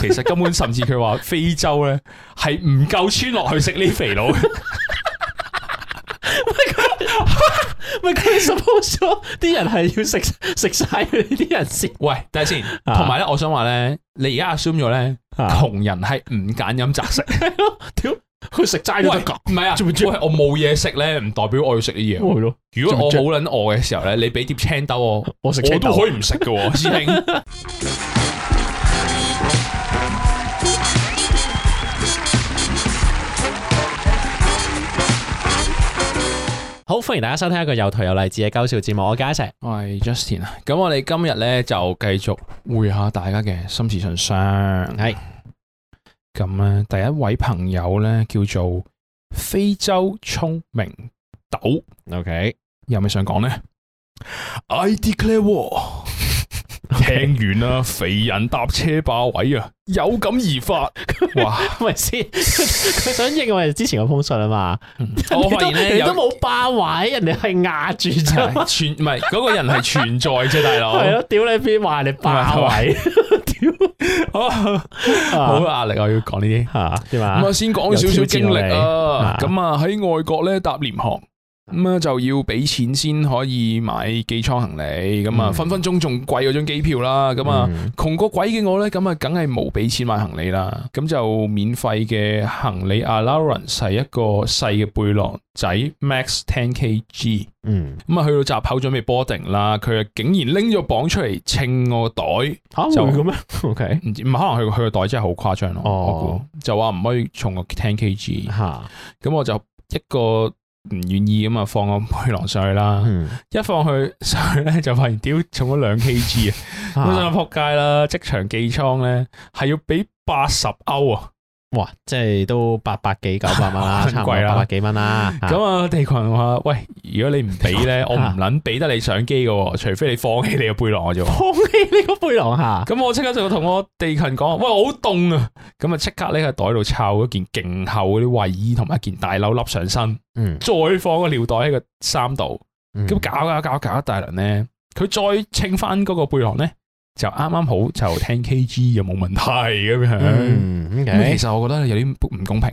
其實根本甚至佢話非洲咧係唔夠村落去食呢肥佬，喂， 佢 suppose 啲人係要食食晒佢啲人食。 喂，等下先，同埋咧、 啊，我想話咧，你而家 assume 咗咧，窮人係唔揀飲擇食，屌佢食齋都得噶。唔係啊，我冇嘢食咧，唔代表我要食啲嘢。咯喂。如果我好捻餓嘅時候咧，你俾碟青豆我，我食我都可以唔食噶，師兄。好，歡迎大家收聽一個又台又勵志嘅搞笑節目，我係家誠，我係 Justin 啊，咁我哋今日咧就繼續會下大家嘅心事信箱。係咁啊，第一位朋友咧叫做非洲聰明豆，OK，有咩想講咧？I declare war。 聽 Okay. 完啦，肥人搭車霸位啊，有感而發。 哇，咪先？佢想應為之前嗰封信啊嘛。我懷疑咧有都冇霸位，人哋係壓住啫。存唔係嗰個人係存在啫，大佬。係咯，屌你邊話你霸位？屌，好壓力啊！ 力我要講呢啲吓，咁啊，先講少少經歷啊。咁啊，喺外國咧搭廉航。咁啊，嗯、就要俾錢先可以買寄倉行李，咁啊分分鐘仲貴嗰張機票啦，咁啊窮過鬼嘅我咧，咁啊梗係冇俾錢買行李啦，咁就免費嘅行李 allowance 係一個細嘅背囊仔，max 10 k g，嗯，咁啊、嗯、去到閘口準備 boarding 啦，佢啊竟然拎咗磅出嚟秤我袋，吓、啊、就會嘅咩？O K，唔唔可能去佢個袋真係好誇張咯，哦，就話唔可以重過10 k g，吓、啊，咁我就一個。唔願意咁啊，放個背囊上去啦，嗯、一放去上去咧就發現屌重咗兩 kg 啊！咁就撲街啦！ 即場寄倉咧係要畀八十歐啊！哇！即係都八百幾九百蚊啦， 差唔多八百幾蚊啦。咁啊，地勤話：喂，如果你唔俾咧， 我唔捻俾得你相機嘅，除非你放棄你個背囊嘅啫。放棄你個背囊吓，咁、啊、我即刻就同我地勤講：喂，好凍啊！咁啊，即刻拎喺袋度抄一件勁厚嗰啲衛衣，同埋一件大褸笠上身。嗯，再放個尿袋喺個衫度。咁、嗯、搞搞搞搞一大輪咧，佢再秤返嗰個背囊咧。就啱啱好就 ten K G 又冇問題咁樣，嗯 okay. 其實我覺得有啲唔公平。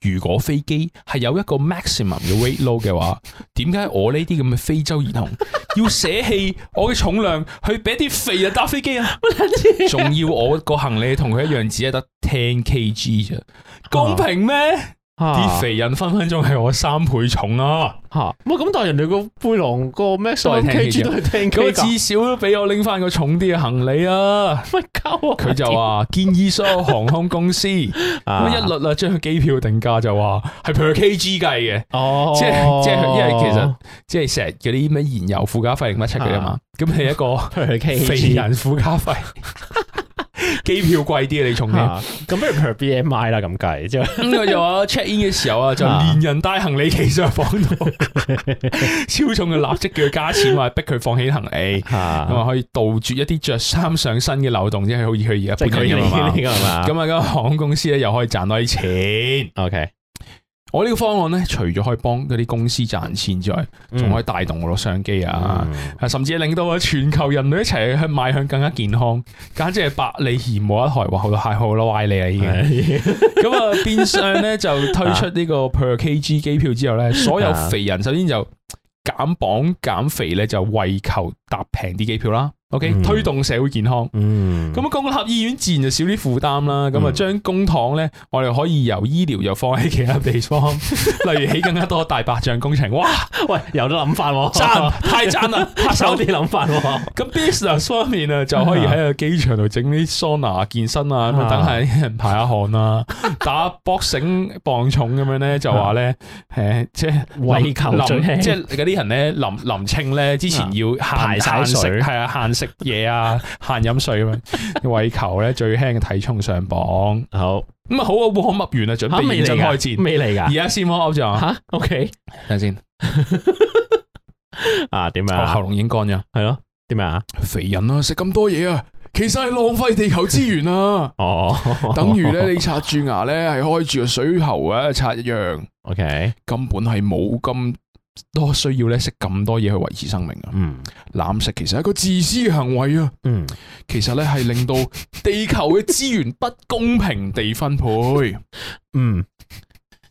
如果飛機係有一個 maximum 嘅 weight load 嘅話，點解我呢啲咁嘅非洲兒童要捨棄我嘅重量去俾啲肥人搭飛機啊？仲 要我個行李同佢一樣只係得 ten K G 啫，公平咩？啊啲肥人分分鐘係我三倍重啊！吓，咁，但係人哋個背囊個咩？max kg 都係聽，佢至少都俾我拎翻個重啲嘅行李啊！乜鳩啊？佢就話建議所有航空公司一律啊，將佢機票定價就話係 per kg 計嘅，哦，即係即係，因為其實即係成日嗰啲咩燃油附加費，乜出嚟嘅嘛，咁係一個肥人附加費。機票貴啲啊，你重嘅，咁不如譬如 B M I 啦，咁計 就，咁我就話 check in 嘅時候啊，就連人帶行李齊上房度，超重嘅立即叫佢加錢，話逼佢放起行李，咁啊可以杜絕一啲着衫上身嘅漏洞，即係好似佢而家咁啊，咁啊，咁間航空公司咧又可以賺多啲錢，錢，OK。我呢個方案呢，除咗可以幫嗰啲公司賺錢之外，仲可以帶動好多商機啊，嗯、甚至係令到啊全球人類一齊去邁向更加健康，簡直係百利而無一害。哇，太好多蟹好咯，歪你啊，已經咁啊！變是的 相呢就推出呢個 per kg 機票之後呢，所有肥人首先就減磅減肥呢，就為求搭平啲機票啦。O.K. 推動社會健康，咁公立醫院自然就少啲負擔啦。咁啊，將公帑咧，我哋可以由醫療又放喺其他地方，例如起更加多大白象工程。哇！喂，有得諗法喎，讚，太讚啦！拍手啲諗法喎。咁 business 方面啊，就可以喺個機場度整啲桑拿、健身啊，咁等係啲人排下汗啦，打搏繩、磅重咁樣咧，就話咧，誒，即係為求即係嗰啲人咧，淋淋清咧，之前要排曬水，係啊，限。食嘢啊，限飲水啊，嘛，為求咧最輕嘅體重上榜。好咁啊、嗯，好啊，我抹完啊，準備未準備開戰，未嚟噶。而家先，我像，吓，OK，睇下先。 啊，點 啊？喉嚨已經乾咗，係咯？點啊？肥人啊，食咁多嘢啊，其實係浪費地球資源啊。哦，等於咧你刷住牙咧係開住個水喉啊，刷一樣。OK，根本係冇咁。多需要咧食咁多嘢去維持生命啊！嗯，濫食其實係一個自私嘅行為啊！嗯，其實咧係令到地球嘅資源不公平地分配。嗯，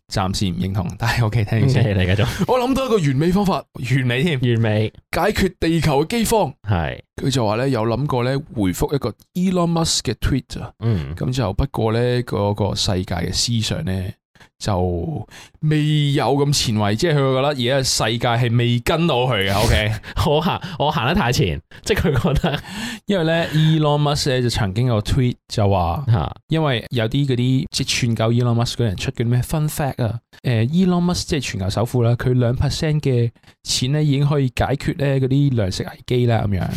暫時唔認同， 但係 OK，thank you，OK 你繼續。我諗到一個完美方法，完美添，完美解決地球嘅饑荒。係佢是就話咧有諗過咧回覆一個 Elon Musk 嘅 tweet 啊。嗯，咁就不過咧嗰個世界嘅思想咧，就未有咁前衛，即係佢覺得而家世界係未跟到佢嘅。O、okay? K， 我行我行得太前，即係佢覺得， 因為咧，Elon Musk 咧就曾經有 tweet 就話，因為有啲嗰啲即係串救 Elon Musk 嗰人出嘅咩 fun fact 啊，誒、呃、，Elon Musk 即係全球首富啦，佢兩 percent 嘅錢咧已經可以解決咧嗰啲糧食危機啦咁樣，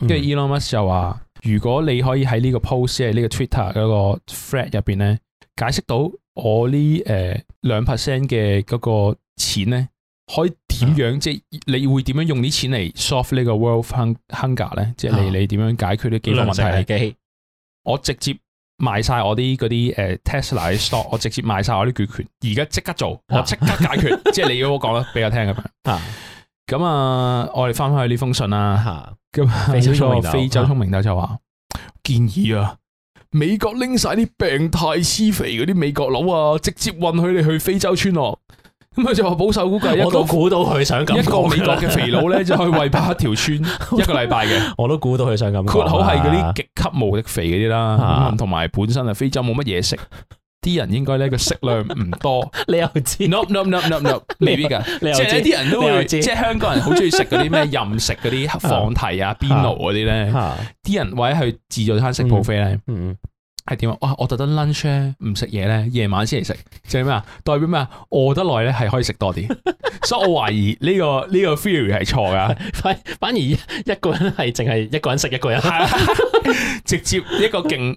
跟住 Elon Musk 就話，如果你可以喺呢個 post 喺呢個 Twitter 嗰個 thread 入邊咧解釋到。我呢誒兩 percent 嘅嗰個錢咧，可以點樣、嗯、即係你會點樣用啲錢嚟 soft 呢個 world hunger 咧？嗯、即係你你點樣解決呢飢荒問題？我直接賣晒我啲嗰啲誒 Tesla stock，我直接賣晒我啲股權，而家即刻做，我即刻解決。嗯嗯、即係你要我講得俾我聽咁樣。咁、嗯嗯、啊，我哋翻翻去呢封信啦。咁非洲，非洲聰明、嗯、明豆就話建議啊。美國拎晒啲病態痴肥嗰啲美國佬啊，直接運佢哋去非洲村落，啊，咁佢就話保守估計，我都估到佢想咁，一個美國嘅肥佬咧 就去餵飽一條村一個禮拜嘅，我都估到佢想咁，括好係嗰啲極級無敵肥嗰啲啦，同埋，啊嗯、本身啊非洲冇乜嘢食。啲人應該咧個食量唔多，你又知？no no no no no，未必㗎。即係啲人都會，即係香港人好中意食嗰啲咩任食嗰啲放題啊、邊爐嗰啲咧。啲人或者去自助餐食 buffet 咧，係點啊？我特登 lunch 唔食嘢咧，夜晚先嚟食，即係咩啊？代表咩啊？餓得耐咧係可以食多啲，所以我懷疑呢個呢個 theory 係錯㗎。反反而一個人係淨係一個人食一個人，直接一個勁。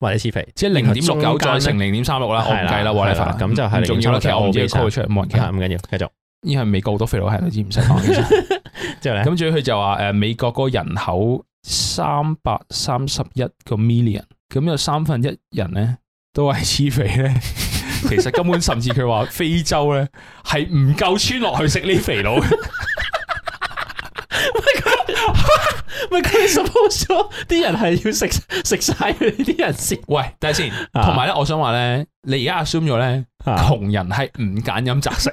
或者黐肥，即零點六九再乘零點三六啦，我計啦，我嚟翻，咁就係唔重要啦。其我自己 c a 出嚟冇人下，唔緊要，繼續。因係美國好多肥佬係，你知唔之識？咁最佢就話誒，美國個人口三百三十一個 million，咁有三分一人咧都係黐肥咧。其實根本甚至佢話非洲咧係唔夠村落去食呢肥佬。喂，佢 suppose 咗啲人係要食食晒佢啲人先。喂，等下先，同埋咧，我想話咧，你而家 assume 咗咧，窮人係唔揀飲擇食。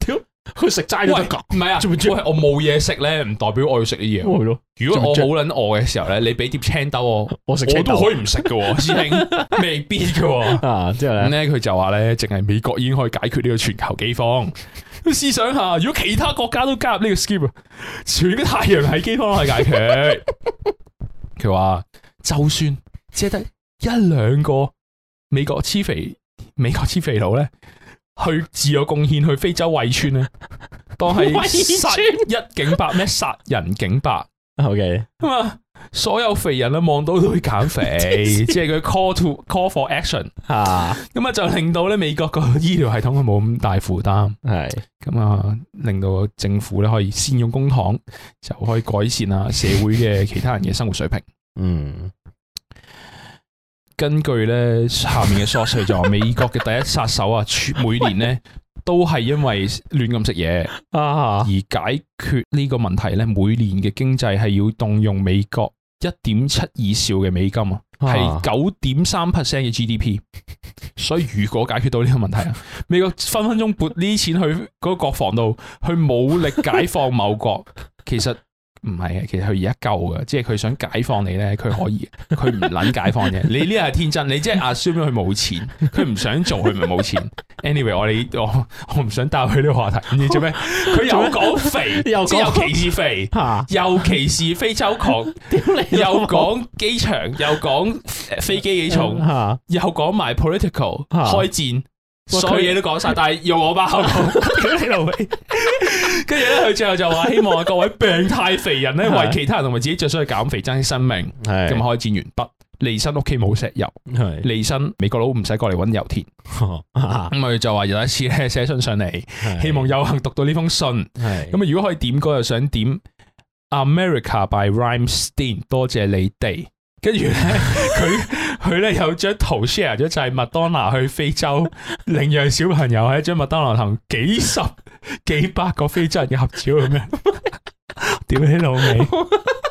屌，佢食齋都得㗎。唔係啊，唔我冇嘢食咧，唔代表我要食啲嘢咯。如果我好撚餓嘅時候咧，你俾碟青豆我，我食。我都可以唔食嘅，師兄未必嘅。啊，之後咧，佢就話咧，淨係美國已經可以解決呢個全球飢荒。試想下，如果其他國家都加入呢個 scheme，全個太陽系饑荒都係解決。佢話就算借得一兩個美國癡肥、美國癡肥佬咧，去自我貢獻去非洲餵村咧，當係殺一儆百咩？殺 人儆百。O K，咁啊，Okay. 所有肥人咧望到都會減肥，即係佢 call to call for action 吓、啊，咁啊就令到咧美國個醫療系統冇咁大負擔，係是，咁啊令到政府咧可以先用公堂，就可以改善啊社會嘅其他人嘅生活水平。 嗯，根據咧下面嘅索 o 就話，美國嘅第一殺手啊，每年咧。 都係因為亂咁食嘢，而解決呢個問題咧，每年嘅經濟係要動用美國一點七二兆嘅美金啊，係九點三 percent 嘅 GDP，所以如果解決到呢個問題，美國分分鐘撥呢啲錢去嗰個國防度去武力解放某國，其實。 唔係啊，其實佢而家夠嘅，即係佢想解放你咧，佢可以，佢唔捻解放啫。 你呢個係天真，你即係阿 s u 佢冇錢，佢唔想做，佢咪冇錢。Anyway，我哋我我唔想搭佢呢個話題，你做咩？佢又講肥，又講歧視肥，又歧視非洲狂，又講機場， 又講飛機幾重，又講埋 political 開戰。所有嘢都講晒，但係用我把口講。跟住咧，佢最後就話希望各位病態肥人咧，為其他人同埋自己着想去減肥，珍啲生命。咁啊是，開戰完畢，利是身屋企冇石油，利身美國佬唔使過嚟搵油田。咁佢是 就話有一次咧，寫信上嚟，希望有幸讀到呢封信。咁啊是，如果可以點歌，又想點《America by Rammstein》，多謝你哋。跟住咧，佢佢咧有張圖 share 咗就係、是、麥當娜去非洲領養小朋友張，喺一張麥當娜同幾十幾百個非洲人嘅合照咁樣，屌 你老味！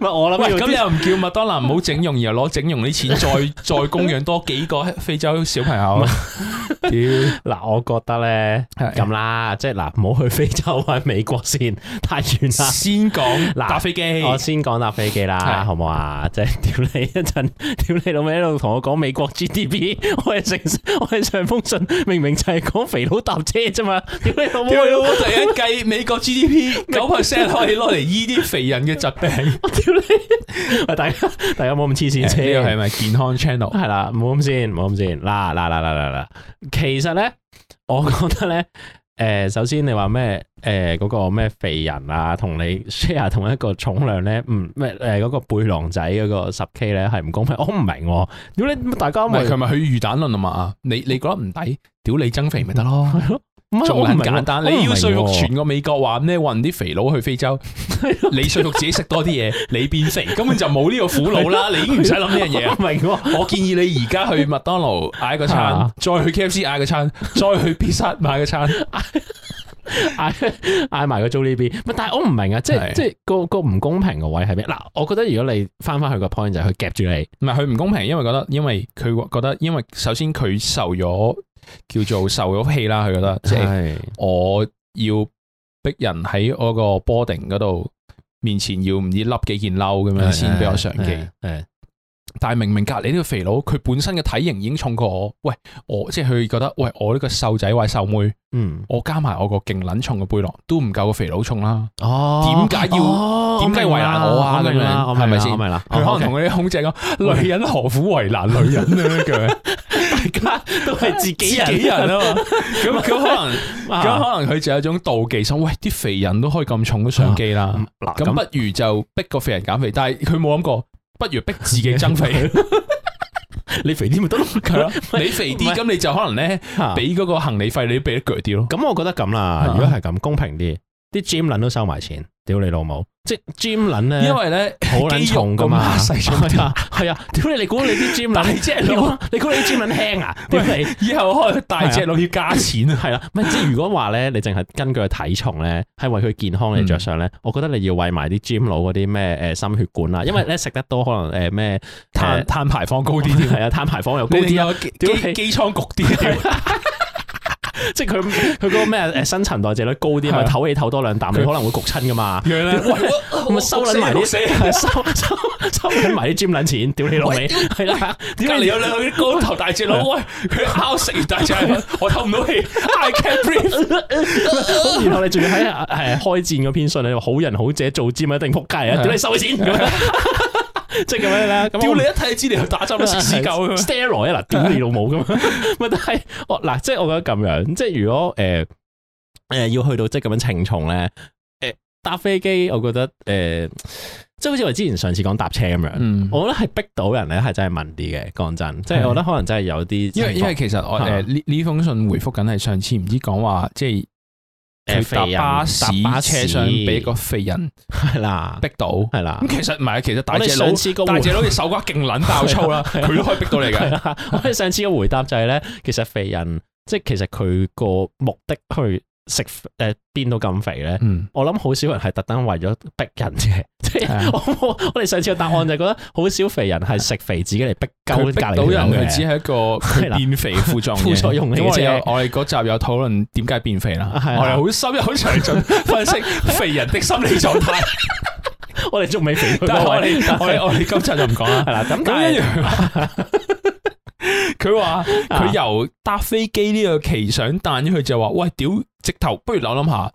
咪我諗、這個，咁又唔叫麥當勞唔好整容，然後攞整容啲錢再 再供養多幾個非洲小朋友啊？屌，嗱，我覺得咧咁啦，即係嗱，唔好、就是、去非洲或者美國先，太遠啦。先講嗱，搭飛機，我先講搭飛機啦，的好唔好啊？即係屌你一陣，屌你老味喺度同我講美國 GDP，我係成我係上封信明明就係講肥佬搭車啫嘛，屌你老母！我突然間計美國 GDP 九 percent 可以攞嚟醫啲肥人嘅疾病。 我屌你！喂， 大家大家冇咁黐線，呢個係咪健康 channel？係啦，唔好咁先，唔好咁先。嗱嗱嗱嗱嗱嗱，其實咧，我覺得咧，誒，首先你話咩？誒、呃，嗰、那個咩肥人啊，同你 share 同一個重量咧，唔、嗯，咩？誒，嗰個背囊仔嗰個十 K 咧，係唔公平？我唔明、啊。屌你大家咪佢咪去魚蛋論啊嘛？你你覺得唔抵？屌 你增肥咪得咯，係咯。做咁簡單，你要說服全個美國話咩運啲肥佬去非洲， 你說服自己食多啲嘢，你變肥，根本就冇呢個苦惱啦。 你已經唔使諗呢樣嘢。我明，我建議你而家去麥當勞嗌個， 個餐，再去 K F C 嗌個餐，再去披薩買個餐，嗌嗌埋個 Jollibee。但係我唔明啊 是，即係即係個個唔公平個位係咩？嗱？我覺得如果你翻翻去個 point 就係佢夾住你，唔係佢唔公平，因為覺得因為佢覺得因為首先佢受咗。叫做受咗氣啦，佢覺得，即係我要逼人喺我個 boarding 嗰度面前要唔知笠幾件褸咁樣先俾我上機。但係明明隔籬呢個肥佬，佢本身嘅體型已經重過我。喂，我即係佢覺得，喂，我呢個瘦仔或瘦妹，嗯，我加埋我個勁撚重嘅背囊，都唔夠個肥佬重啦。哦，點解要點解為難我啊？咁樣係咪先？係咪啦？佢可能同啲空姐講咯。女人何苦為難女人啊？句，大家都係自己人啊嘛。咁咁可能，咁可能佢就有一種妒忌心。喂，啲肥人都可以咁重嘅相機啦，咁不如就逼個肥人減肥。但係佢冇諗過。不如逼自己增肥，你肥啲咪得咯？你肥啲，咁你就可能咧，俾嗰、啊、個行李費，你都俾得勁啲咯。咁我覺得咁啦，如果係咁，公平啲。啲 gym 撚都收埋錢，屌你老母！即係 gym 撚咧，因為咧好撚重㗎嘛，係啊！屌你，你估你啲 gym 撚大隻咯？你估你啲 gym 撚輕啊？屌你！以後開大隻佬要加錢啊！係啊！唔即係如果話咧，你淨係根據體重咧，係為佢健康嚟着想咧，我覺得你要為埋啲 gym 佬嗰啲咩誒心血管啊，因為咧食得多可能誒咩碳碳排放高啲啲，係啊碳排放又高啲啊，機機艙焗啲。即係佢佢嗰個咩誒新陳代謝率高啲，咪唞氣唞多兩啖，佢可能會焗親噶嘛。咁收捻埋啲收收收捻埋啲 gym 捻錢，屌你老味係啦。點解你有兩高頭大隻佬喂？佢烤食完大隻，我透唔到氣，I can't breathe。然後你仲要喺誒開戰嗰篇信，你好人好者做 gym 一定仆街啊？屌你收錢？即係咁樣咧，咁屌你一睇資料又打針都食屎狗，Steroid 啦，屌你老母咁。咪但係我嗱，即係我覺得咁樣，即係如果誒誒要去到即係咁樣稱重咧，誒搭飛機，我覺得誒，即係好似我之前上次講搭車咁樣，我覺得係逼到人咧係真係問啲嘅，講真，即係我覺得可能真係有啲，因為因為其實我誒呢呢封信回覆緊係上次唔知講話即係。佢搭巴士，搭車廂俾個肥人係啦，逼到係啦。咁、嗯、其實唔係，其實大隻佬大隻佬嘅手骨勁撚爆粗啦，佢都可以逼到你嘅。我上次嘅回答就係、是、咧，其實肥人即係其實佢個目的去。食誒變到咁肥咧，嗯、我諗好少人係特登為咗逼人啫。嗯、 我我我哋上次嘅答案就係覺得好少肥人係食肥自己嚟逼溝隔籬，逼到人嘅，只係一個變肥副狀副作用嘅是的 我哋嗰集有討論點解變肥啦，的我哋好深入好詳盡分析 肥人的心理狀態。 我哋仲未肥到，我哋 我哋今集就唔講啦。咁咁一樣。是 佢話佢由搭飛機呢個奇想彈咗佢，就話，喂屌直頭，不如諗諗下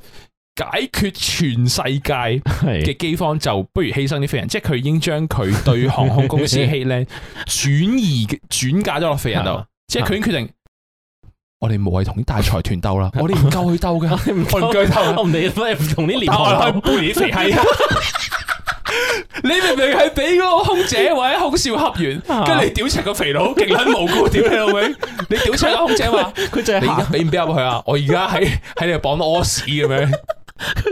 解決全世界嘅飢荒，就不如犧牲啲飛人，即係佢已經將佢對航空公司嘅 heat 轉移轉嫁咗落飛人度，即係佢已經決定，我哋無謂同啲大財團鬥啦，我哋唔夠去鬥嘅，我唔敢鬥，我唔理，唔同啲聯合去搬啲肥閪。 你明明係俾嗰個空姐或者空少恰完，跟住屌柒個肥佬，勁撚 無辜屌 你老味？你屌柒個空姐話佢就係你俾俾， 我而家你唔俾入去啊！我而家喺喺你度綁到屙屎咁樣。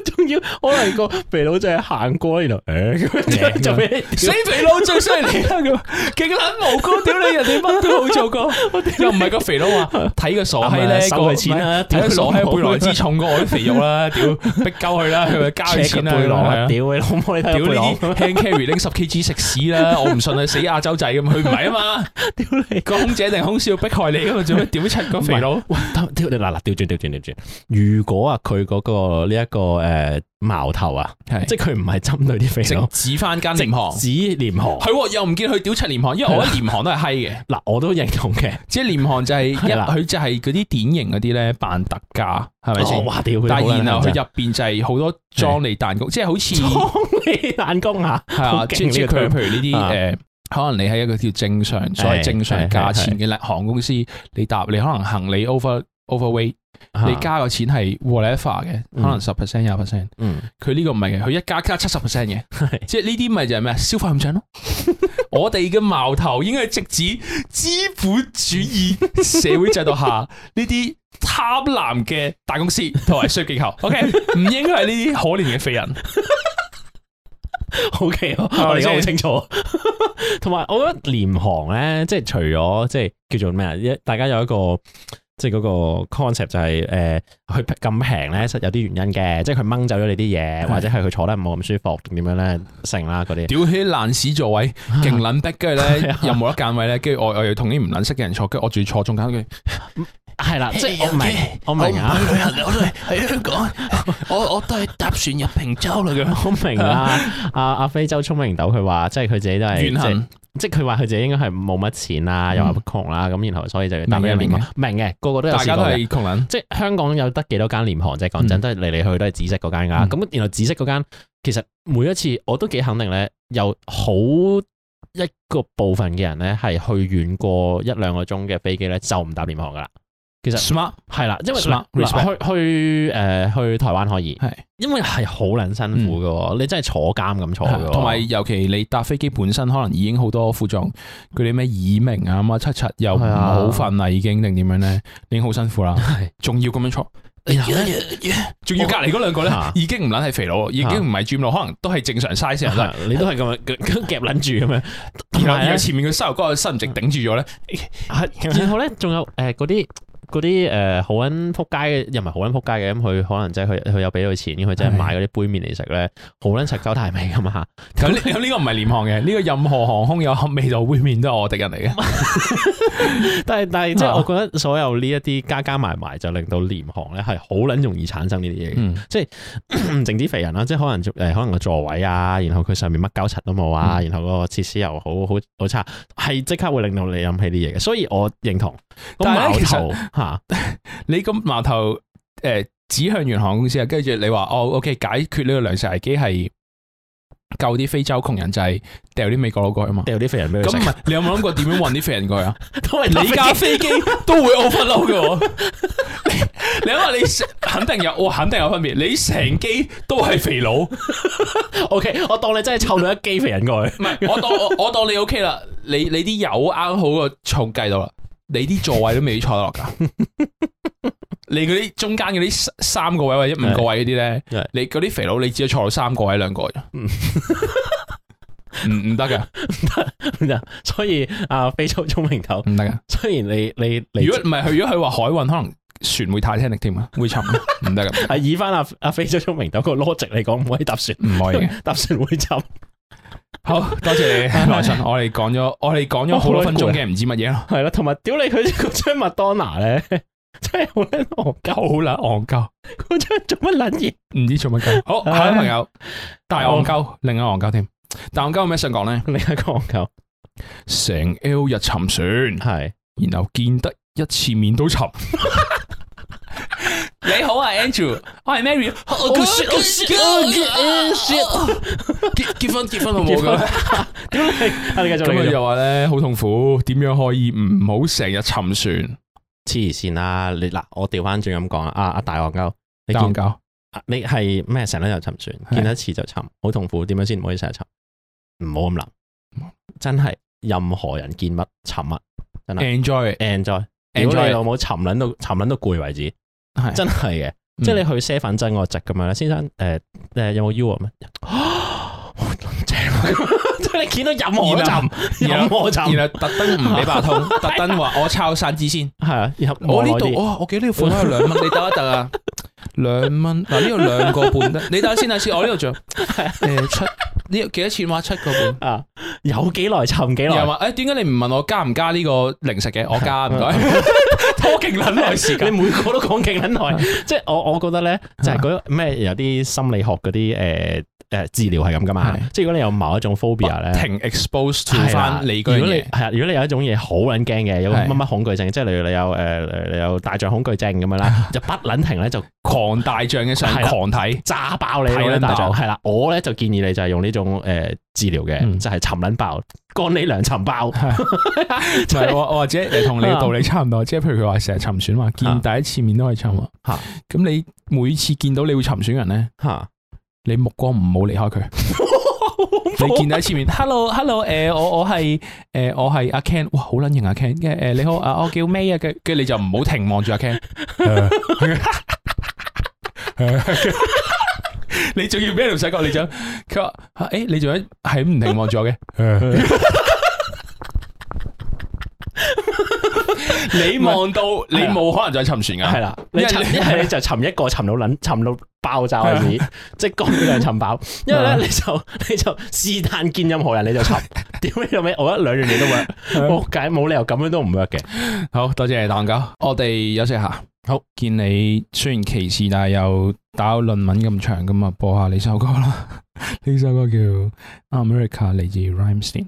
仲要可能個肥佬就係行過，然後誒，咁樣做咩？死肥佬最犀利啦，咁勁捻無辜屌你，人哋乜都冇做過，又唔係個肥佬話，睇個傻閪咧手係錢啦，睇個傻閪背囊之重過我啲肥肉啦，屌逼鳩佢啦，佢咪交錢啦，背囊屌你，我唔我你屌你 hand carry 拎十 kg 食屎啦，我唔信你死亞洲仔。咁佢唔係啊嘛，屌你個空姐定空少逼害你噶嘛，做咩屌柒個肥佬屌你，嗱嗱，調轉調轉調轉，如果啊佢嗰個呢一個。個誒矛頭啊，係即係佢唔係針對啲肥佬，指翻間廉航，指廉航，係又唔見佢屌七廉航，因為我覺得廉航都係閪嘅，嗱我都認同嘅，即係廉航就係一佢就係嗰啲典型嗰啲咧扮特價，係咪先？哇屌！但係然後佢入邊就係好多裝利彈弓，即係好似裝利彈弓啊！係啊，即係佢譬如呢啲誒，可能你喺一個叫正常，所謂正常價錢嘅咧航空公司，你搭你可能行李 over overweight 你加個錢係 whatever 嘅，可能十 percent、廿 percent，佢呢個唔係嘅，佢一加加七十 percent 嘅，是的 即係呢啲咪就係咩消費陷阱咯， 我哋嘅矛頭應該係直指資本主義社會制度下呢啲貪婪嘅大公司同埋商業機構。 OK，唔應該係呢啲可憐嘅廢人。 OK， 我哋都好清楚。同埋，我覺得廉航咧，即係除咗即係叫做咩啊，大家有一個。即係嗰個 concept 就係誒，佢咁平咧，實有啲原因嘅。即係佢掹走咗你啲嘢，或者係佢坐得唔好咁舒服，點樣咧？成啦嗰啲屌起啲爛屎座位，勁撚逼，跟住咧又冇得揀位咧，跟住我我要同啲唔撚識嘅人坐，跟住我仲要坐中間嘅。係啦，即係我明，我明啊！我哋喺香港，我我都係搭船入平洲啦咁。我明啦，阿阿非洲聰明豆佢話，即係佢自己都係。即係佢話佢自己應該係冇乜錢啦、啊，嗯、又話窮啦、啊，咁然後所以就要搭廉航。明嘅個個都有試過。大家係窮人，即係香港有得幾多間廉航即啫？講真、嗯，都係嚟嚟去都係紫色嗰間㗎。咁、嗯、然後紫色嗰間，其實每一次我都幾肯定咧，有好一個部分嘅人咧係去遠過一兩個鐘嘅飛機咧，就唔搭廉航㗎啦。其實 smart 係啦，因為去誒去台灣可以，係因為係好捻辛苦噶，你真係坐監咁坐，同埋尤其你搭飛機本身可能已經好多副狀，佢哋咩耳鳴啊乜七七又唔好瞓啦，已經定點樣咧，已經好辛苦啦。仲要咁樣坐，仲要隔籬嗰兩個咧，已經唔捻係肥佬，已經唔係 gym 佬，可能都係正常 size 嚟。你都係咁樣夾捻住咁樣，然後前面個膝頭哥伸直頂住咗咧，然後咧仲有誒嗰啲。嗰啲誒好撚撲街嘅，又唔係好撚撲街嘅，咁佢可能即係佢佢有俾佢錢，咁佢即係買嗰啲杯麵嚟食咧，好撚柒鳩太味㗎嘛。咁咁呢個唔係廉航嘅，呢個任何航空有合味道杯麵都係我敵人嚟嘅。但係但係，即係我覺得所有呢一啲加加埋埋，就令到廉航咧係好撚容易產生呢啲嘢。即係淨啲肥人啦，即係可能誒，可能個座位啊，然後佢上面乜膠塵都冇啊，嗯、然後個設施又好好好差，係即刻會令到你飲起啲嘢嘅。所以我認同。但係咧，吓，你咁矛頭誒指向航公司啊，跟住你話哦，OK，解決呢個糧食危機係救啲非洲窮人仔，掉啲美國佬過啊嘛，掉啲肥人。咁唔係，你有冇諗過點樣運啲肥人過啊？因為 你，飛機你架飛機都會 o v e r l o 你你因你肯定有，我、哦、肯定有分別。你成機都係肥佬，OK，我當你真係抽到一機肥人過去。唔 係我當我，我當你 OK 啦，你你啲油啱好個重計到啦。你啲座位都未坐得落噶， 你嗰啲中間嗰啲三個位或者五個位嗰啲咧， 你嗰啲肥佬你只係坐到三個位兩個啫，唔唔得噶，唔得，所以阿非洲聰明頭唔得噶。雖然你你，你如果唔係，如果佢話海運可能船會太輕力添啊，會沉，唔得噶。係 以翻阿阿非洲聰明頭個邏輯嚟講，唔可以搭船，唔可以搭船會沉。好多謝你，阿陳，我哋講咗，我哋講咗好多分鐘嘅，唔知乜嘢咯。係啦，同埋屌你佢嗰張麥當娜咧，真係好戇鳩啦，戇鳩，嗰 張、嗯、做乜撚嘢？唔知做乜鳩？好，下一位朋友，大戇鳩，另一戇鳩添，大戇鳩有咩想講咧？另一個戇鳩，成 L 日沉船，係的，然後見得一次面都沉。 你好啊，Andrew，我係 Mary、oh,。Oh shit! Oh shit! Oh shit! 結結婚 up, 結婚好冇噶？咁你繼續。咁佢又話咧好痛苦，點樣可以唔好成日沉船？黐線啦！你嗱，我調翻轉咁講啦。啊，阿大戇鳩，戇鳩，你係咩成日又沉船？見一次就沉，好痛苦。點樣先唔可以成日沉？唔好咁諗，真係任何人見乜沉乜，真係 enjoy，enjoy，enjoy 老母沉捻到沉捻到攰為止。真係嘅，嗯、即係你去寫份真我值咁樣咧，先生，誒、呃，誒、呃，有冇腰啊？咩？啊、哦，好正。你見到任何站，任何站，然後特登唔俾八通，特登話我抄散紙先，係啊，我呢度，我記得呢個款有兩蚊，你等一等啊，兩蚊嗱呢度兩個半的，你等下先啊，先我呢度仲誒七，呢幾多錢話，七個半啊，有幾耐沉幾耐啊？誒，點解你唔問我加唔加呢個零食嘅？我加唔該，拖勁撚耐時間，你每個都講勁撚耐，即係我我覺得咧就係嗰咩有啲心理學嗰啲誒。誒，治療係咁噶嘛？即係如果你有某一種 phobia 咧，不停 expose 翻你嗰啲，係啊。如果你有一種嘢好撚驚嘅，有乜乜恐懼症，即係例如你有誒，你有大象恐懼症咁樣啦，就不撚停咧，就狂大象嘅相，狂睇，炸爆你。大係啦，我咧就建議你就係用呢種誒治療嘅，就係沉撚爆，幹你兩沉爆。就係我，我或者誒同你嘅道理差唔多，即係譬如佢話成日沉船話見第一次面都係沉，咁你每次見到你會沉船人咧，吓？你目光唔好離開佢， 你見到喺前面。Hello，Hello， 誒 hello,、uh,，我我係誒，我係阿 Ken，哇，好撚型阿 Ken 嘅。誒，你好，我叫 May 啊？嘅，跟、uh, 住、uh, 你就唔好停望住阿、啊、Ken。 你仲要咩唔使講？ eh, 你仲佢話誒，你仲喺唔停望住我嘅？ 你望到你冇可能再沉船噶，係啦的，一係你就沉一個沉到撚，沉到爆炸嘅地，的即係乾脆就沉爆。是的 因為咧是的，你就你就是但見任何人你就沉，點解？做咩？我一兩樣嘢都 work，我解冇理由咁樣都唔 work 嘅。好多謝你蛋糕，我哋休息下。好，見你雖然歧視，但係又打論文咁長噶嘛，播下你首歌啦。呢 首歌叫《America》嚟自 Rammstein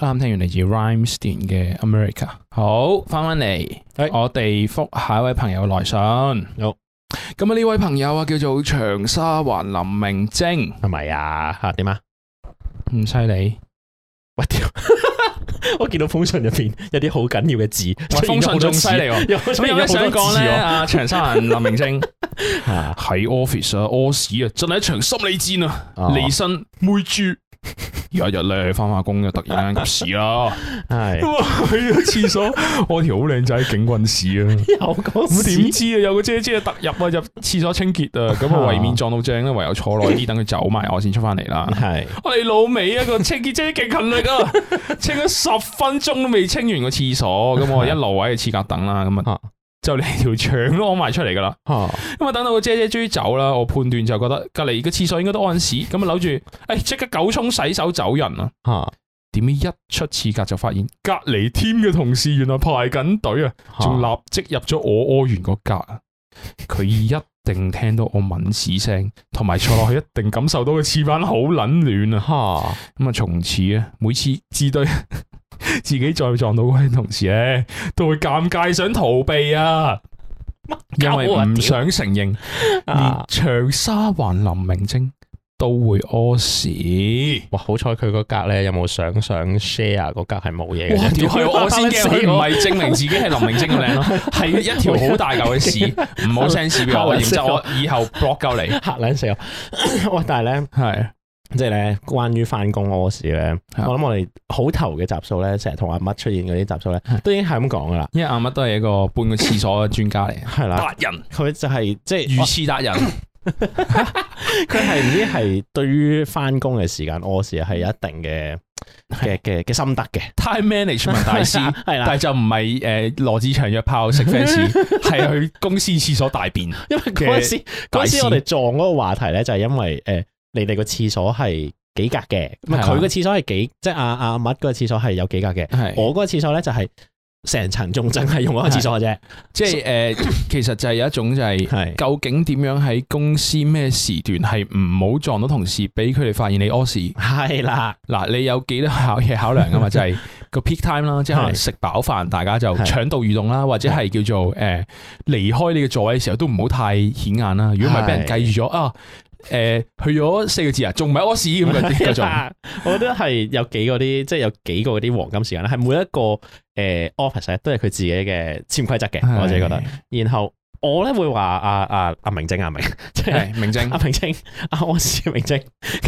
啱聽完嚟自 Rammstein 嘅 America，好翻翻嚟，我哋復下一位朋友嘅來信。好，咁啊呢位朋友啊叫做長沙環林明晶係咪啊？吓點啊？唔犀利，我屌！我見到封信入邊有啲好緊要嘅字，封信仲犀利，有咩想講咧？啊長沙環林明晶啊喺 office 啊屙屎啊，真係一場心理戰啊！離身妹豬。日日咧翻下工又突然間急屎啦，係 去咗廁所，我條好靚仔警棍屎啊！點知啊，有個姐姐啊突入啊入廁所清潔啊，咁啊為免撞到正咧，唯有坐耐啲等佢走埋，我先出翻嚟啦。係 我哋老味啊，個清潔姐係極勤力啊，清咗十分鐘都未清完個廁所，咁我一路喺廁格等啦，咁、嗯、啊。 就連條腸都屙埋出嚟噶啦，咁啊哈等到個姐姐終於走啦，我判斷就覺得隔籬個廁所應該都屙屎，咁啊扭住，誒即刻九沖洗手走人啊，點知哈一出廁格就發現隔籬添嘅同事原來排緊隊啊，仲哈立即入咗我屙完個格，佢一定聽到我聞屎聲，同埋 坐落去一定感受到個廁板好撚暖啊，吓哈，咁啊從此啊每次自堆。 自己再撞到嗰啲同事咧，都會尷尬想逃避啊，因為唔想承認。連 rí、e、 長沙環林明晶都會屙屎。哇 poetry，好彩佢嗰格咧有冇想上 share 嗰格係冇嘢嘅。哇，點解屙屎唔係證明自己係林明晶咁靚咯？係一條好大嚿嘅屎，唔好 send 屎俾我，研究我以後 block 嚟。嚇撚死我！哇，大係係。即係咧，關於翻工屙屎咧，我諗我哋好頭嘅集數咧，成日同阿乜出現嗰啲集數咧，都已經係咁講噶啦。因為阿乜都係一個半個廁所嘅專家嚟，係啦，達人佢就係即係如廁達人，佢係唔知係對於翻工嘅時間屙屎係有一定嘅嘅嘅嘅心得嘅。Time management 大師係啦，但係就唔係誒羅志祥約炮食 fans，係去公司廁所大便。因為嗰時嗰時我哋撞嗰個話題咧，就係因為誒。你哋個廁所係幾格嘅？唔係佢個廁所係幾？即係阿阿麥嗰個廁所係有幾格嘅？是我嗰個廁所咧就係成層，仲真係用我個廁所嘅啫。即係誒，呃、 其實就係有一種就係、是，的究竟點樣喺公司咩時段係唔好撞到同事，俾佢哋發現你屙屎？係啦的，嗱、啊，你有幾多考嘢考量㗎嘛？就係、是、個 peak time 啦， 即係可能食飽飯，大家就搶道而動啦，或者係叫做誒離、呃、開你嘅座位嘅時候都唔好太顯眼啦。如果唔係，俾人計住咗啊！啊誒、呃，去咗四個字啊，仲唔係屙屎咁嗰啲嗰我覺得係有幾嗰啲，即係有幾個嗰啲 黃金時間咧，係 每一個誒 office 都係佢自己嘅潛規則嘅， 我自己覺得。然後我咧會話阿阿阿明正阿明，即係明正阿明正啊屙屎，啊、明正。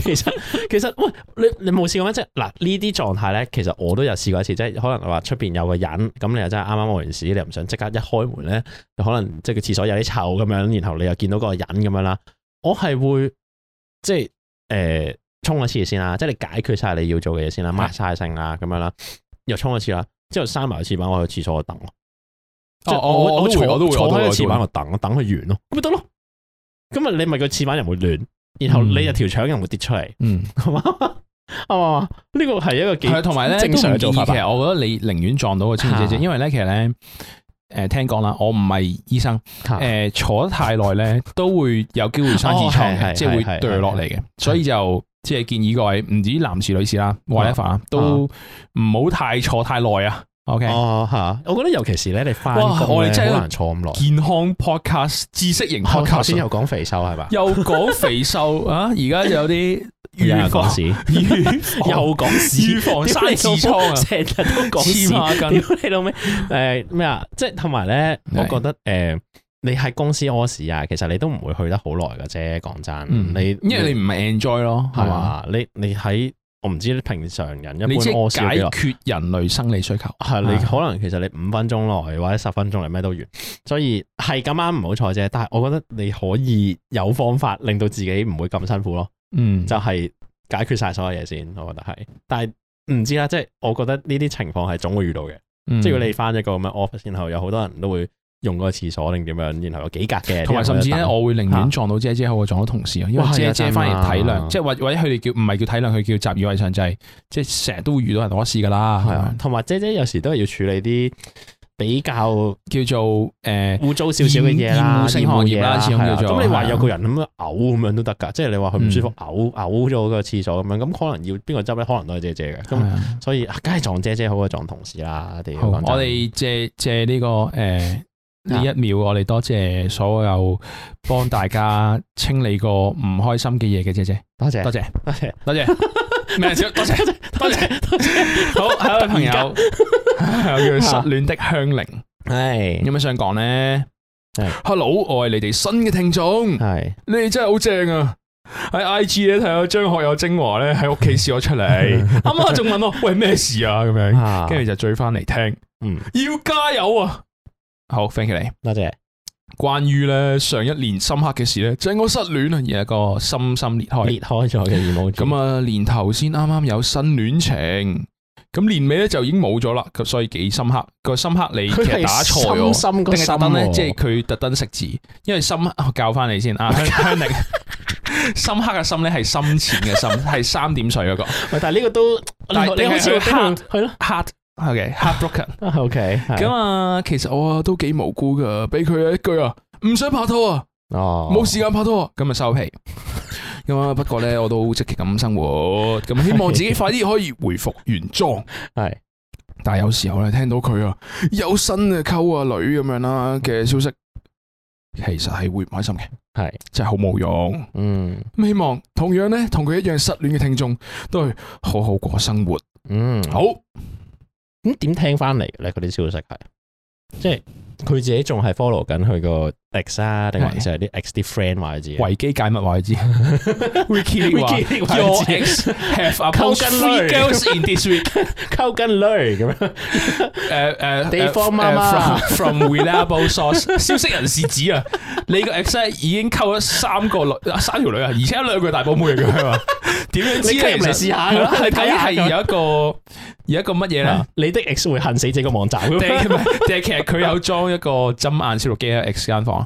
其實其實喂，你你冇試過咩？即係嗱呢啲狀態咧，其實我都有試過一次，即係可能話出邊有個人，咁你又真係啱啱屙完屎，你唔想即刻一開門咧，就可能即係個廁所有啲臭咁樣，然後你又見到嗰個人咁樣啦。我係會即係誒沖一次先啦，即係你解決晒你要做嘅嘢先啦，抹晒性啦咁樣啦，又沖一次啦，之後閂埋個廁板，我去廁所度等咯。哦哦，我都我都會坐喺個廁板度等，等佢完咯，咁咪得咯。咁啊，你咪個廁板又會亂，然後你條腸又會跌出嚟，係嘛？啊，呢個係一個幾同埋咧正常做法嘅。其實。我覺得你寧願撞到個清潔姐姐，因為咧其實咧。誒，聽講啦，我唔係醫生，誒、 呃，坐得太耐咧，都會有機會生痔瘡，哦、是是是是即係會墜落嚟嘅，是是是是所以就即係建議各位，唔止男士女士啦 whatever 都唔好太坐太耐，okay? 啊。OK，啊、吓，我覺得尤其是咧，你翻工真好難坐咁耐。健康 podcast 知識型，podcast 頭先又講肥瘦係嘛，又講肥瘦 啊，而家就有啲。講屎，又講屎，預防生痔瘡，成日都講屎。屌你老味，誒咩啊？呃、即係同埋咧，我覺得誒、呃，你喺公司屙屎啊，其實你都唔會去得好耐嘅啫。講真，嗯、你因為你唔係 enjoy 咯，係嘛、啊？你你喺我唔知啲平常人一般屙屎解決人類生理需求係、啊、你可能其實你五分鐘內或者十分鐘嚟咩都完，所以係咁啱唔好彩啫。但係我覺得你可以有方法令到自己唔會咁辛苦咯。嗯，就係解決晒所有嘢先，我覺得係，但係唔知啦，即、就、係、是、我覺得呢啲情況係總會遇到嘅，嗯、即係你翻一個咁嘅 office，然後有好多人都會用個廁所定點樣，然後有幾格嘅，同埋甚至咧，我會寧願撞到姐姐，啊、我會撞到同事啊，因為姐姐反而體諒、哦啊，即係或或者佢哋叫唔係叫體諒，佢叫習以為上就係，即係成日都會遇到人攞事噶啦，係啊，同埋吧姐姐有時都係要處理啲。比較叫做誒污糟少少嘅嘢啦，厭惡性行業啦，咁、啊啊嗯嗯、你話有個人咁樣嘔咁樣都得噶，即係你話佢唔舒服嘔嘔咗個廁所咁樣，咁可能要邊個執咧？可能都係姐姐嘅。咁、嗯嗯嗯、所以梗係撞姐姐好過撞同事啦。我哋借謝呢、這個誒呢、呃、一秒，我哋多謝所有幫大家清理過唔開心嘅嘢嘅姐姐，多謝多謝多謝。咩？多謝多謝多謝，好下一位朋友，係我叫失戀的香菱。係有咩想講咧？Hello，我係你哋新嘅聽眾，係你哋真係好正啊！喺 IG 咧睇到張學友精華咧喺屋企試咗出嚟，啱啱仲問我喂咩事啊？咁樣，跟住就追翻嚟聽，嗯，要加油啊！好，thank you，多謝。關於咧上一年深刻嘅事咧，就係我失戀啊，而一個深深裂開，裂開咗嘅咁啊，年頭先啱啱有新戀情，咁 年尾咧就已經冇咗啦。咁所以幾深刻，個深刻你打錯咯，定係特登咧，即係佢特登識字，因為深刻我教翻你先啊， 深刻嘅深咧係深淺嘅深，係三 點水嗰、嗰個。但係呢個都，你但 你好似吓，係咯吓。黑黑 OK，heartbroken，OK，咁啊，其實我啊都幾無辜噶，俾佢一句啊，唔想拍拖啊，哦，冇時間拍拖啊，今日收皮，咁啊，不過咧，我都好積極咁生活，咁希望自己快啲可以回復原裝，係，但係有時候咧，聽到佢啊有新嘅溝啊女咁樣啦嘅消息，其實係會唔開心嘅，係，真係好冇用，嗯，希望同樣咧同佢一樣失戀嘅聽眾都係好好過生活，嗯，好。咁點、嗯、聽翻嚟咧？嗰啲消息係，即係佢自己仲係 follow 緊，佢個 X 啊，定或者係啲 X 啲 friend 話佢知，維基解密話佢知，維基話我 have a couple three girls in the street，溝緊女咁樣，誒誒，地方媽媽，from reliable source，消息人士指啊，呢個 X 已經溝咗三個女，三條女啊，而且有兩個大波妹嘅，點樣知咧？唔使試下嘅，係咁係有一個，而一個乜嘢咧？你的 X 會恨死這個網站，但係其實佢有裝一個針眼收錄機喺 X 間房。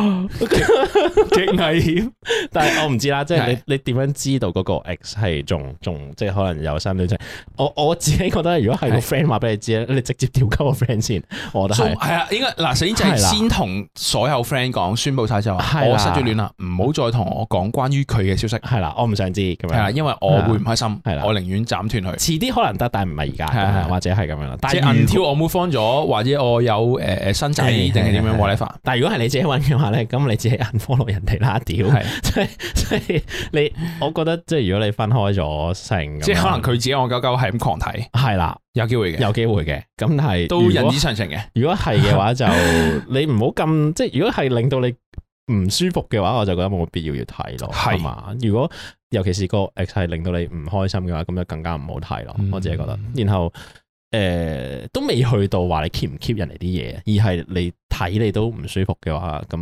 極危險，但係我唔知啦，即係你你點樣知道嗰個 X 係仲仲即係可能有新戀情？我我自己覺得，如果係個 friend 話俾你知咧，你直接調交個 friend 先，我覺得係係啊，應該嗱，首先就係先同所有 friend 講，宣布晒就話我失咗戀啦，唔好再同我講關於佢嘅消息，係啦，我唔想知咁樣，因為我會唔開心，係啦，我寧願斬斷佢，遲啲可能得，但係唔係而家，或者係咁樣啦，但係銀條我 m 放咗，或者我有誒誒新仔定係點樣，我你發，但係如果係你自己搵嘅話。咁你只係 unfollow 人哋啦，屌的！即係即係你，我覺得即係如果你分開咗成，即係可能佢自己戇鳩鳩係咁狂睇，係啦的，有機會嘅，有機會嘅，咁係都人之常情嘅。如果係嘅話，就你唔好咁即係，如果係令到你唔舒服嘅話，我就覺得冇必要要睇咯，係嘛的。如果尤其是個 ex 係令到你唔開心嘅話，咁就更加唔好睇咯。我自己覺得，嗯、然後誒、呃、都未去到話你 keep 唔 keep 人哋啲嘢，而係你。睇你都唔舒服嘅話，咁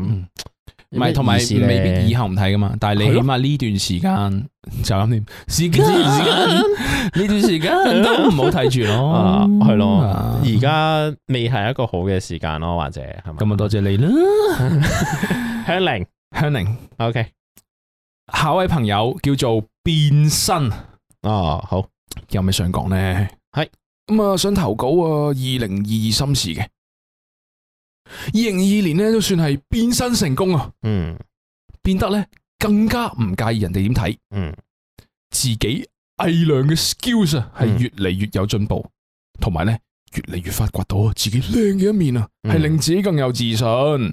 唔係，同埋未必以後唔睇噶嘛。但係你起碼呢段時間就諗掂，時間呢段時間都唔好睇住咯，係咯。而家未係一個好嘅時間咯，或者係嘛。咁啊，多謝你啦，香玲，香玲，OK。下位朋友叫做變身啊，好有咩想講咧？係咁啊，想投稿啊，二零二二心事嘅。二零二二年咧都算係變身成功啊，嗯，變得咧更加唔介意人哋點睇，嗯，自己藝良嘅 skills 係越嚟越有進步，同埋咧越嚟越發掘到自己靚嘅一面啊，係令自己更有自信，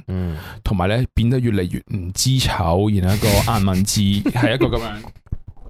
嗯，同埋咧變得越嚟越唔知醜，然後一個顏文字係、嗯、一個咁樣。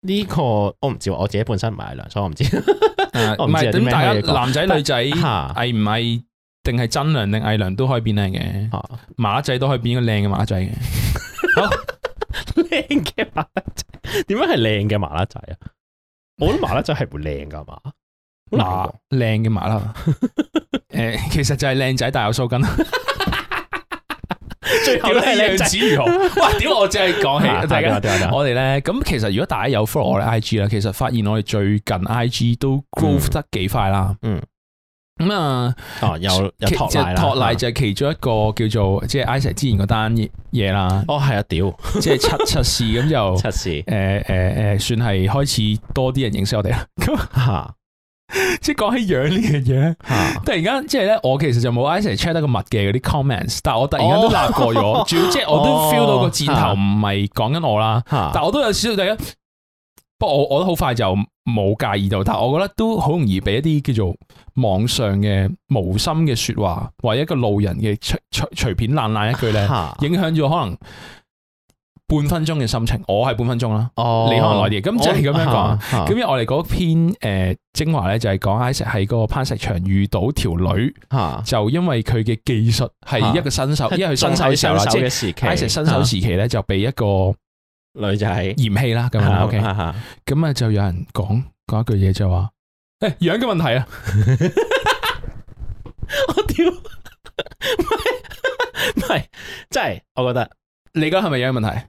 呢、這個我唔知，我自己本身唔係偽娘，所以我唔知。唔係， 咁大家男仔女仔係唔係定係真娘定偽娘都可以變靚嘅，啊、馬仔都可以變個靚嘅馬仔嘅。靚嘅 好馬仔，點解係靚嘅馬仔啊？ 我覺得馬仔係唔靚噶嘛？馬靚嘅馬啦，誒， 其實就係靚仔帶有鬚根。 最後咧樣子如何？哇！屌，我只係講起，大家我哋咧咁，其實如果大家有 follow 我哋 I G 啦，其實發現我哋最近 I G 都 grow 得幾快啦。嗯，咁啊，哦，又又托托賴就係其中一個叫做即係 i s a t 之前嗰單嘢啦。哦，係啊，屌，即係七七試咁就七試，誒誒誒，算係開始多啲人認識我哋啦。咁吓。 即係講起樣呢樣嘢，啊、突然間即係咧，我其實就冇一齊 check 得個密嘅嗰啲 comments，但係我突然間都鬧過咗，主要即係我都 feel 到個箭頭唔係講緊我啦，啊啊、但係我都有少少第一，不過我我都好快就冇介意到，但係我覺得都好容易俾一啲叫做網上嘅無心嘅說話，或者一個路人嘅隨隨隨便爛爛一句咧，影響咗可能。半分鐘嘅心情，我係半分鐘啦，哦，你開耐啲，咁就係咁樣講。咁樣我哋嗰篇誒精華咧，就係講阿石喺個攀石場遇到條女，就因為佢嘅技術係一個新手，因為佢新手嘅時期，阿石新手時期咧就被一個女仔嫌棄啦。咁 OK 咁啊就有人講講一句嘢就話，誒樣嘅問題啊！我屌，唔係，唔係，真係，我覺得你嗰係咪樣嘅問題？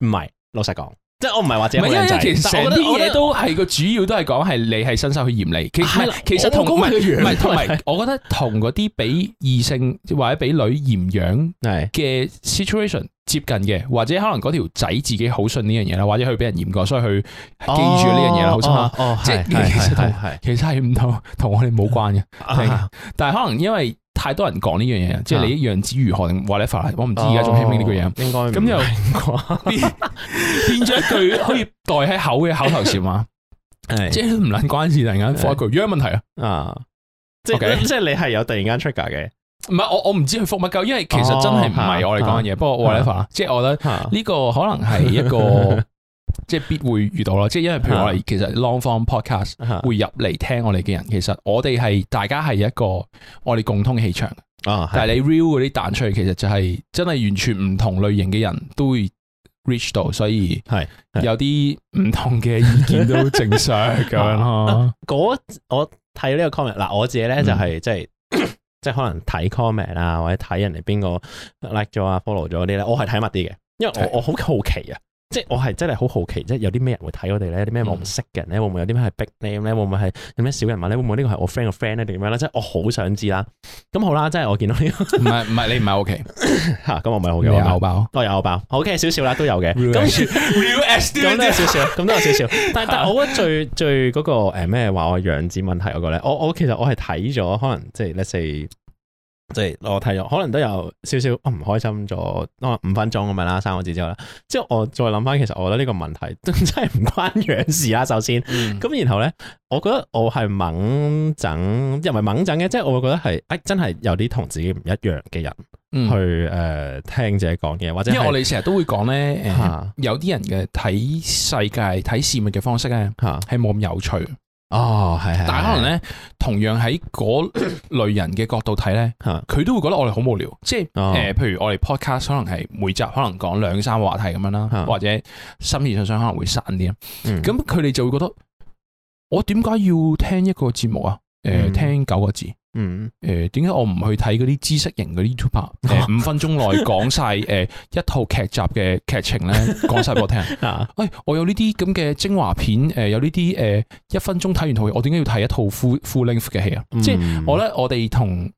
唔係，老實講，即係我唔係話者唔係，因為其實成啲嘢都係個主要都係講係你係伸手去驗你，其實其實同唔係同埋我覺得同嗰啲俾異性或者俾女嫌樣嘅 situation 接近嘅，或者可能嗰條仔自己好信呢樣嘢啦，或者佢俾人驗過，所以佢記住呢樣嘢啦，好嘛？哦，即係其實同其實係唔同，同我哋冇關嘅，但係可能因為。太多人講呢樣嘢，即係你一樣子如何，定 whatever 我唔知而家仲興唔興呢句嘢。應該咁又變咗一句可以代喺口嘅口頭禪啊！即係唔撚關事，突然間發一句，有冇問題啊？即係即係你係有突然間出嘅，唔係我我唔知佢覆乜鳩，因為其實真係唔係我哋講嘅嘢。不過 whatever，即係我覺得，呢個可能係一個。即係必會遇到咯，即係因為譬如我哋其實 long form podcast、啊、會入嚟聽我哋嘅人，其實我哋係大家係一個我哋共通嘅氣場啊。但係你 reel 嗰啲彈出嚟，其實就係真係完全唔同類型嘅人都會 reach 到，所以係有啲唔同嘅意見都正常咁樣咯。嗰、 那個、我睇呢個 comment 嗱，我自己咧就係、是嗯、即係即係可能睇 comment 啊，或者睇人哋邊個 like 咗啊，follow 咗啲咧，我係睇密啲嘅，因為我的我好好奇啊。即係我係真係好好奇，即係有啲咩人會睇我哋咧？有啲咩我唔識嘅人咧？會唔會有啲咩係 big name 咧？會唔會係有咩小人物咧？會唔會呢個係我 friend 嘅 friend 咧？定點樣咧？即係我好想知啦。咁好啦，即係我見到呢，唔係唔係你唔係 OK 吓，咁我唔係好 OK，有包都有包，OK 少少啦，都有嘅。咁少少，咁都有少少。 但係但係，我覺得最 最嗰、那個誒咩話我樣子問題嗰個咧，我我，我其實我係睇咗，可能即係 let's say 即係我睇咗，可能都有少少，我唔開心咗。可能五分鐘咁樣啦，三個字之後咧，即係我再諗翻，其實我覺得呢個問題真係唔關人事啦。 首先，咁、嗯、然後咧，我覺得我係懵整，又唔係懵整嘅，即係我會覺得係，誒、哎，真係有啲同自己唔一樣嘅人去誒、嗯呃、聽自己講嘢，或者因為我哋成日都會講咧，呃啊、有啲人嘅睇世界、睇事物嘅方式咧，係冇咁有趣。哦，係係，但係可能咧，同樣喺嗰類人嘅角度睇咧，佢的都會覺得我哋好無聊。即係誒，譬如我哋 podcast 可能係每集可能講兩三個話題咁樣啦，的或者深意上上可能會散啲。咁佢哋就會覺得我點解要聽一個節目啊？誒、呃，聽九個字。嗯嗯。嗯，誒，點解我唔去睇嗰啲知識型啲 YouTuber 五分鐘內講晒誒一套劇集嘅劇情咧，講晒 俾我聽。啊，喂，我有呢啲咁嘅精華片，誒，有呢啲誒一分鐘睇完套戲，我點解要睇一套 full length 嘅戲啊？嗯、即係我咧，我哋同。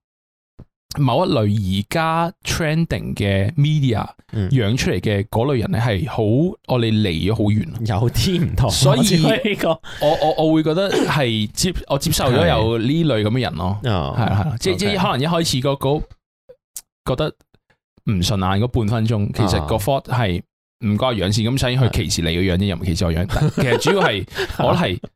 某一類而家 trending 嘅 media、嗯、養出嚟嘅嗰類人咧，係好我哋離咗好遠，有啲唔同。所以呢個 我我我會覺得係接我接受咗有呢類咁嘅人咯、啊，係係、oh, okay. 即即可能一開始嗰、嗰、嗰、個嗰個、覺得唔順眼嗰半分鐘，其實個 fault 係唔該樣先，咁所以佢歧視你嘅樣，即又唔歧視我樣，的其實主要係我係。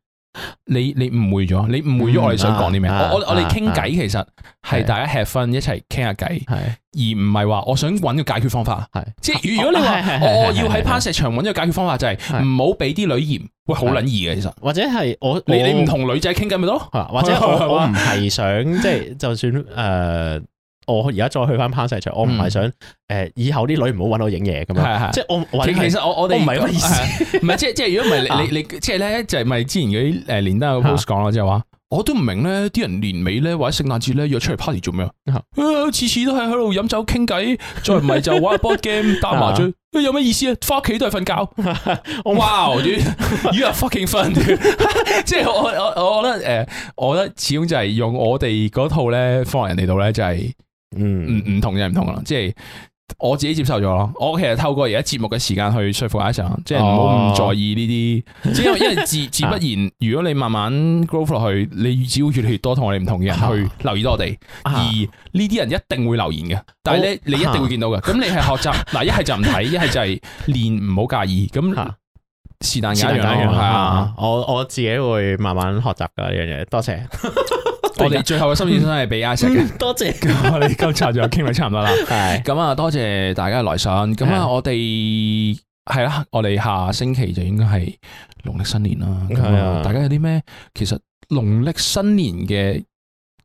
你你誤會咗，你誤會咗我哋想講啲咩？我我哋傾偈其實係大家吃分一齊傾下偈，而唔係話我想揾個解決方法。係即係如果你話我要喺攀石場揾個解決方法，就係唔好俾啲女嫌，會好捻易嘅其實。或者係我你你唔同女仔傾偈咪得咯？或者我唔係想即係就算誒。我而家再去翻攀石場，我唔係想誒以後啲女唔好揾我影嘢咁樣，即係我其實我我哋唔係咁意思，唔係即係即係如果唔係你你即係咧就係咪之前嗰啲誒連登嘅 post 講啦，即係話我都唔明咧啲人年尾咧或者聖誕節咧約出嚟 party 做咩？次次都喺喺度飲酒傾偈，再唔係就玩 board game 打麻雀，有乜意思啊？翻屋企都係瞓覺，哇！you you are fucking fun，即係我我我覺得誒，我覺得始終就係用我哋嗰套咧放人哋度咧就係。嗯，唔唔同嘅，唔同啦，即係我自己接受咗咯。我其實透過而家節目嘅時間去說服阿 Sir 即係唔好唔在意呢啲，因為因為自自不然，如果你慢慢 grow 落去，你只會越嚟越多同我哋唔同嘅人去留意到我哋，而呢啲人一定會留言嘅。但係咧，你一定會見到嘅。咁你係學習嗱，一係就唔睇，一係就係練，唔好介意。咁是但係一樣。我我自己會慢慢學習噶呢樣嘢，多謝。我哋最後嘅心願真係俾阿石嘅，多謝。我哋今集又傾到差唔多啦，係咁啊！多謝大家嘅來信。咁 啊，我哋係啦，我哋下星期就應該係農曆新年啦。係啊，大家有啲咩？其實農曆新年嘅。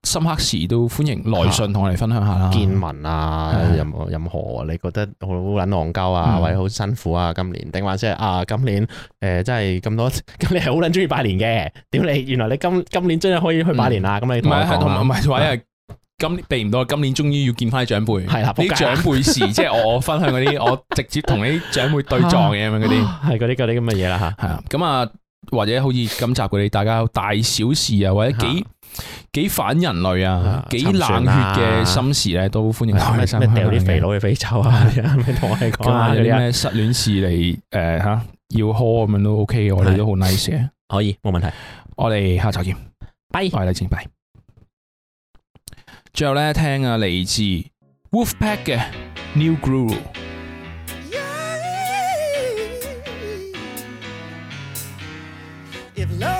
深刻時都歡迎來信同我哋分享下見聞啊，任任何你覺得好撚戇鳩啊，或者好辛苦啊，今年定話即係啊今年誒，真係咁多，咁你係好撚中意拜年嘅？屌你原來你今今年真係可以去拜年啦？咁你唔係係同埋，或者係今避唔到，今年終於要見翻啲長輩。係啦，啲長輩事即係我分享嗰啲，我直接同你啲長輩對撞嘅咁樣嗰啲，係嗰啲啲咁嘅嘢啦吓。係咁啊或者好似今集嗰啲，大家大小事啊，或者幾。幾反人類啊！幾、啊、冷血嘅心事咧、啊，都歡迎開山，有啲肥佬嘅非洲啊！咩同 我哋講啲咩失戀事嚟？誒、呃，吓、啊、要 c 咁樣都 OK 我哋都好 nice 嘅，可以冇 問題。 我哋下集見，拜拜你拜。最後咧，聽阿嚟自 VULFPECK 嘅 New Guru。